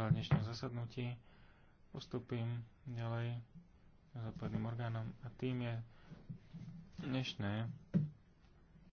na dnešnom zasadnutí postupím ďalej zodpovedným orgánom a tým je dnešné